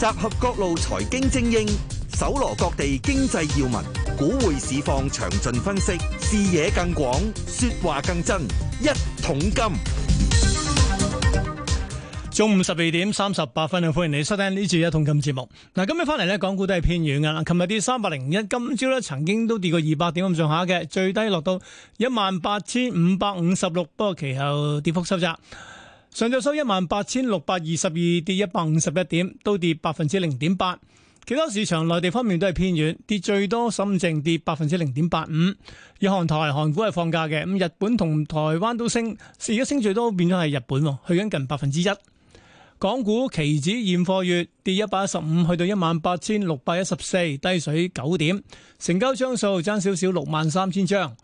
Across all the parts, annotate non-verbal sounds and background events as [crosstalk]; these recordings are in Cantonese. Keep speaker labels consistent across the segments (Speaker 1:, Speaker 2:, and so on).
Speaker 1: 集合各路財經精英，搜羅各地經濟要聞，股匯市況詳盡分析，視野更廣，說話更真。一桶金，中午十二點三十八分，歡迎你收聽呢次一桶金節目。嗱，1，今日翻嚟咧，港股都係偏軟噶啦。琴日跌三百零一，今朝咧曾經都跌過二百點咁上下嘅，最低落到一萬八千五百五十六，不過其後跌幅收窄。上晝收一萬八千六百二十二，跌一百五十一點，都跌百分之零點八。其他市場內地方面都係偏軟，跌最多深跌，深證跌百分之零點八五。以韓台韓股係放假嘅，咁日本同台灣都升，而家升最多變咗係日本，去緊近百分之一。港股期指現貨月跌一百一十五，去到一萬八千六百一十四，低水九點，成交張數爭少少六萬三千張。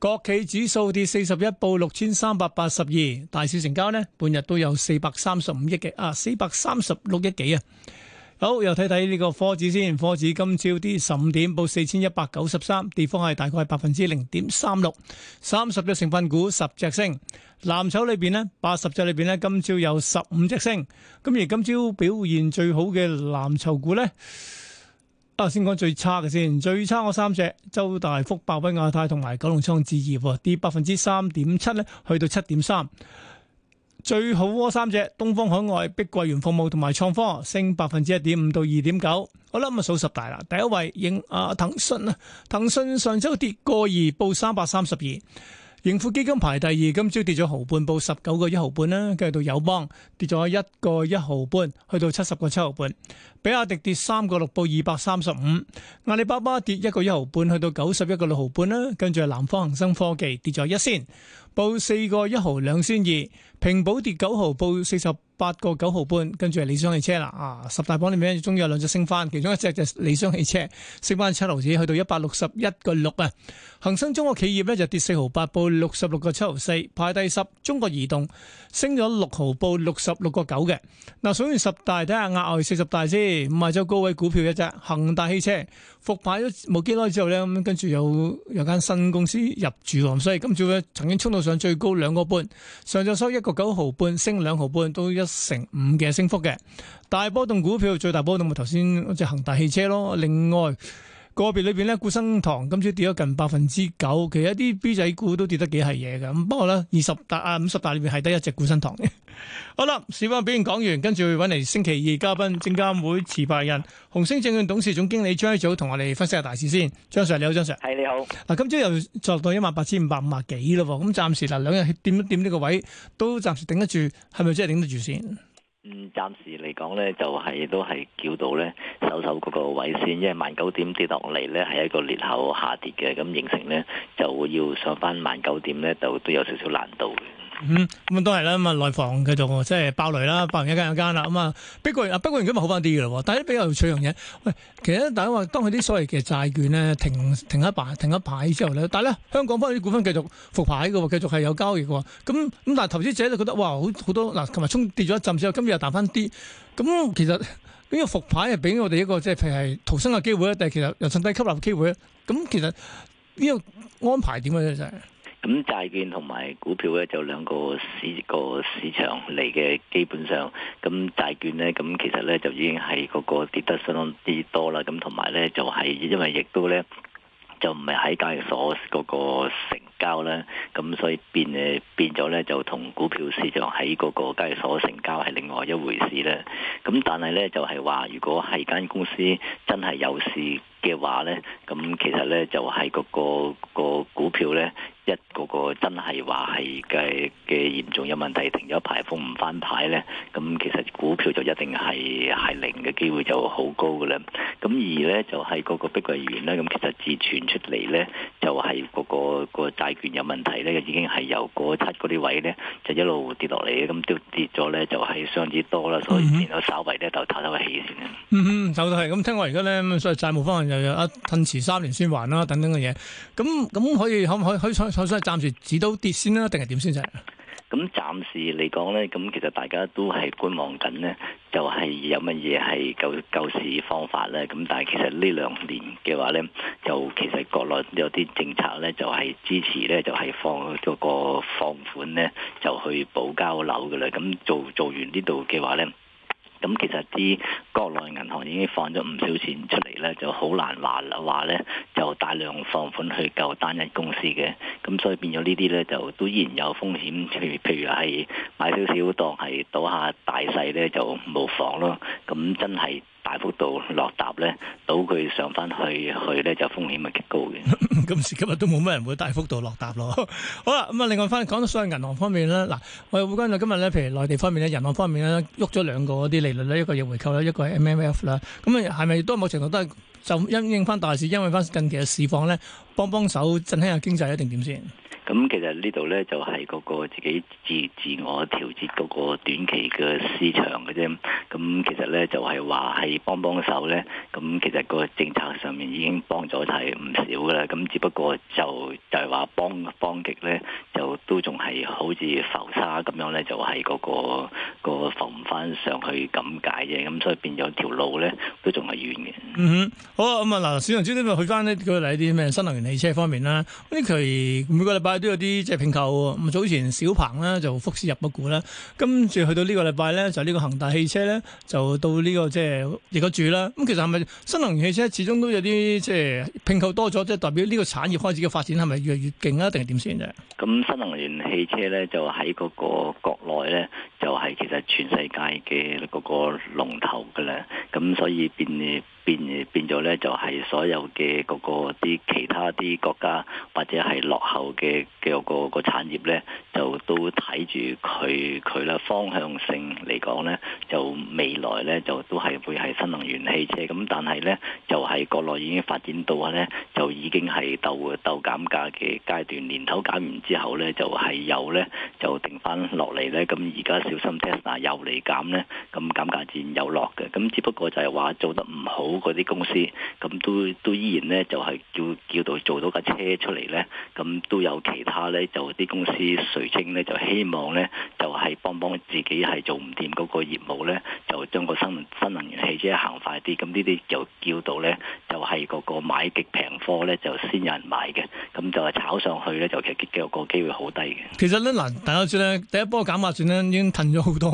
Speaker 1: 國企指數跌四十一，報六千三百八十二。大市成交咧，半日都有四百三十五億嘅，啊，四百三十六億幾啊。好，又睇睇呢個科指先，科指今朝跌十五點，報四千一百九十三，跌幅係大概百分之零點三六。三十隻成分股十隻升，藍籌裏邊咧，八十隻裏邊咧，今朝有十五隻升。咁而今朝表現最好嘅藍籌股咧。先講最差嘅先，最差嗰三隻，周大福、百威亞太同埋九龍倉置業，跌百分之三點七咧，去到七點三。最好嗰三隻，東方海外、碧桂園服務同埋創科，升百分之一點五到二點九。好啦，咁啊數十大啦，第一位應啊騰訊啊，騰訊上週跌個二，報三百三十二。盈富基金排第二，今朝跌咗毫半，報十九個一毫半啦。繼續到友邦跌咗一個一毫半，去到七十個七毫半。比亞迪跌三個六，報二百三十五。阿里巴巴跌一個一毫半，去到九十一個六毫半啦。跟住南方恒生科技跌咗一仙，報四個一毫兩仙二。平保跌九毫，報四十，八個九毫半，跟住係理想汽車啦。啊，十大榜裏面終於有兩隻升翻，其中一隻就理想汽車升翻七毫子，去到一百六十一個六啊。恆生中國企業咧就跌四毫八，報六十六個七毫四，排第十。中國移動升咗六毫，報六十六個九嘅。嗱，數完十大睇下額外四十大先，唔係就高位股票一隻，恒大汽車。復牌咗冇幾耐之後咧，咁跟住有有間新公司入住，咁所以今朝咧曾經衝到上最高兩個半，上晝收一個九毫半，升兩毫半都一成五嘅升幅嘅。大波動股票最大波動咪頭先嗰隻恒大汽車咯，另外。個別裏邊咧，固生堂今朝跌咗近百分之九，其實一啲 B 仔股都跌得幾係嘢嘅。咁不過咧，二十大啊五十大裏邊係得一隻固生堂嘅。 [laughs] 好啦，市況表現講完，跟住揾嚟星期二嘉賓，證監會持牌人，紅星證券董事總經理張益祖同我哋分析下大事先。張 sir 你好，張 sir。係你好。嗱，今朝又作到一萬八千五百五十幾咯，咁暫時嗱，兩日點一點呢個位都暫時頂得住，係咪真係頂得住先？
Speaker 2: 嗯，暫時嚟講咧，就係、是、都係叫到咧守守嗰個位先，因為萬九點跌落嚟咧係一個裂口下跌嘅，咁形成咧就會要上返萬九點咧，就都有少少難度。
Speaker 1: 嗯，咁、嗯、都係啦。咁、嗯、啊，內房繼續即係爆雷啦，爆完一間一間啦。咁、嗯、啊，碧桂園啊，碧桂園而家咪好翻啲咯。但係比較有趣樣嘢，喂，其實大家話當佢啲所謂嘅債券咧停停一排停一排之後咧，但係咧香港翻啲股份繼續復牌嘅喎，繼續係有交易嘅喎。咁、嗯、咁但係投資者就覺得哇，好好多嗱，琴日衝跌咗一陣之後，今日又彈翻啲。咁、嗯、其實呢個復牌係俾我哋一個即係譬如係逃生嘅機會啦，但係其實又趁低吸納嘅機會啦。咁、嗯、其實呢個安排點啊？就係？
Speaker 2: 咁債券同埋股票咧，就兩個市個市場嚟嘅，基本上咁債券咧，咁其實咧就已經係嗰個跌得相當之多啦。咁同埋咧就係、是、因為亦都咧就唔係喺交易所嗰個成交咧，咁所以變誒變咗咧就同股票市場喺嗰個交易所成交係另外一回事咧。咁但係咧就係話，如果係間公司真係有事嘅話咧，咁其實咧就係、是、嗰、嗰個嗰個嗰個股票咧。一個個真係話係嘅嘅嚴重有問題，停咗牌封唔翻牌咧，咁其實股票就一定係係零嘅機會就好高嘅啦。咁而咧就係嗰個碧桂園咧，咁其實自傳出嚟咧就係嗰個個債券有問題咧，已經係由嗰七嗰啲位咧就一路跌落嚟，咁都跌咗咧就係相之多啦，所以變咗稍微咧就唞返個氣先啦。嗯
Speaker 1: 嗯，就係咁。聽我而家咧，所以債務方向又有啊，吞遲三年先還啦等等嘅嘢。咁咁可以可唔可以可以？咁暫時指到跌先啦，定係點先啫？
Speaker 2: 咁暫時嚟講咧，咁其實大家都係觀望緊咧，就係有乜嘢係救救市方法咧？咁但係其實呢兩年嘅話咧，就其實國內有啲政策咧，就係支持咧，就係放個個放款咧，就去補交樓嘅啦。咁做做完呢度嘅話咧。咁其實啲國內銀行已經放咗唔少錢出嚟咧，就好難話話咧就大量放款去救單一公司嘅，咁所以變咗呢啲咧就都依然有風險，譬如譬如係買少少當係賭下大細咧就冇妨咯，咁真係。大幅度落踏咧，倒佢上翻去，去咧就風險係極高
Speaker 1: 嘅。今時今日都冇咩人會大幅度落踏咯。 [laughs] 好啦，咁啊，另外翻講到所有銀行方面咧，嗱，我哋會關注今日咧，譬如內地方面咧，銀行方面咧，喐咗兩個嗰啲利率咧，一個逆回購咧，一個係 MMF 啦。咁、嗯、啊，係咪都某程度都係就因應翻大市，因應翻近期嘅市況咧，幫幫手振興下經濟一定點先？
Speaker 2: 咁、嗯、其實呢度呢，就係、是、嗰個自己自自我調節嗰個短期嘅市場嘅啫。咁、嗯、其實呢，就係話係幫幫手呢。咁、嗯、其實個政策上面已經幫咗係唔少嘅啦。咁、嗯、只不過就就係、是、話幫幫極呢，就都仲係好似浮沙咁樣呢，就係、是、嗰、那個。個浮唔翻上去咁解嘅，咁所以變咗條路咧都仲係
Speaker 1: 遠嘅。嗯哼，好咁啊，嗱，小楊超呢度去翻呢佢嚟啲咩新能源汽車方面啦？呢期每個禮拜都有啲即係併購，咁早前小鵬咧就福士入個股啦，跟住去到呢個禮拜咧就呢個恒大汽車咧就到呢、這個即係逆個住啦。咁其實係咪新能源汽車始終都有啲即係併購多咗，即係代表呢個產業開始嘅發展係咪越嚟越勁啊？定係點先嘅？
Speaker 2: 咁新能源汽車咧就喺嗰個國內咧就係。就係全世界嘅嗰個龍頭㗎啦，咁所以變變變咗咧，就係、是、所有嘅嗰個啲其他啲國家或者係落後嘅嘅、嗰個、嗰個產業咧，就都睇住佢佢啦，方向性嚟講咧，就未來咧就都係會係新能源汽車。咁但係咧就係、是、國內已經發展到咧，就已經係鬥鬥減價嘅階段。年頭減完之後咧，就係、是、有咧就定翻落嚟咧。咁而家小心 Tesla 又嚟減咧，咁減價戰又落嘅。咁只不過就係話做得唔好。好嗰啲公司，咁都都依然咧，就係叫叫到做到架車出嚟咧，咁都有其他咧，就啲公司垂青咧，就希望咧，就係幫幫自己係做唔掂嗰個業務咧，就將個新新能源汽車行快啲，咁呢啲就叫到咧，就係嗰個買極平貨咧，就先有人買嘅，咁就係炒上去咧，就其實個個機會好低
Speaker 1: 嘅。其實咧嗱，大家知咧，第一波減價戰咧，已經褪咗好多，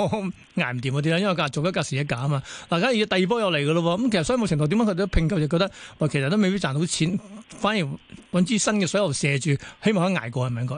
Speaker 1: 捱唔掂嗰啲啦，因為價做一價時一減啊嘛，嗱，而家第二波又嚟噶咯喎，咁其實所以程度點解佢哋都拼購就覺得，哇！其實都未必賺到錢，反而揾支新嘅水喉射住，希望可以捱過，係咪應該？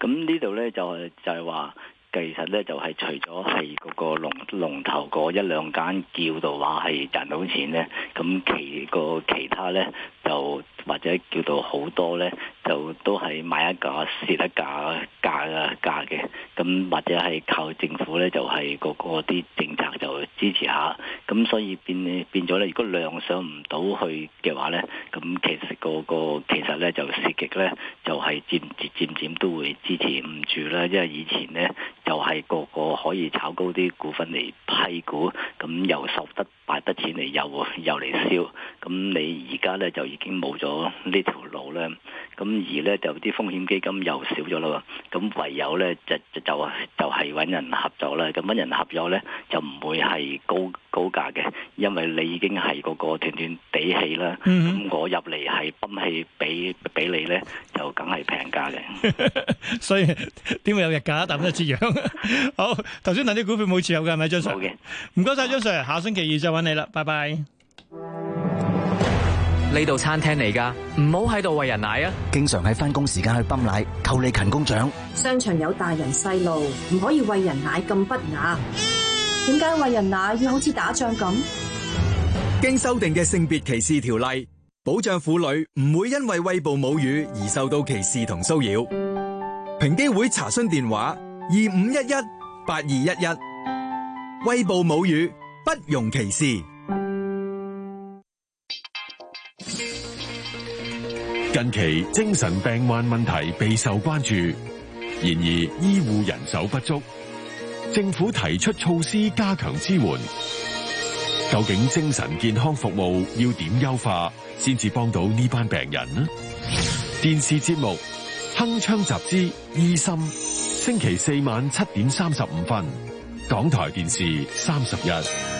Speaker 2: 咁呢度咧就係、是、就係話。其實咧就係除咗係嗰個龍龍頭嗰一兩間叫到話係賺到錢咧，咁其個其他咧就或者叫到好多咧，就都係買一架蝕一架價啊價嘅，咁或者係靠政府咧就係嗰個啲政策就支持下，咁所以變變咗咧，如果量上唔到去嘅話咧，咁其實個個其實咧就涉極咧就係漸漸漸都會支持唔住啦，因為以前咧。又係個個可以炒高啲股份嚟批股，咁又收得大筆錢嚟又又嚟燒，咁你而家呢，就已經冇咗呢條路。咧，咁而咧就啲風險基金又少咗咯，咁唯有咧就就就係揾、就是、人合作啦。咁揾人合作咧就唔會係高高價嘅，因為你已經係嗰個斷斷地氣啦。咁、嗯、哼我入嚟係泵氣俾俾你咧，就梗係平價嘅。
Speaker 1: [laughs] 所以點會有日價？但係唔一樣。 [laughs] 好，頭先嗱啲股票冇持有嘅係咪張 Sir？嘅的，唔該晒張 Sir，下星期二就揾你啦，拜拜。呢度餐廳嚟噶，
Speaker 2: 唔好喺度餵人奶啊！經常喺翻工時間去泵奶，扣你勤工獎。商場有大人細路，唔可以餵人奶咁不雅。點解餵人奶要好似打仗咁？
Speaker 1: 經修訂嘅性別歧視條例，保障婦女唔會因為餵哺母乳而受到歧視同騷擾。平機會查詢電話：二五一一八二一一。餵哺母乳，不容歧視。近期精神病患問題備受關注，然而醫護人手不足，政府提出措施加強支援。究竟精神健康服務要點優化，先至幫到呢班病人呢？電視節目《鏗鏘集》之《醫心》，星期四晚七點三十五分，港台電視三十一。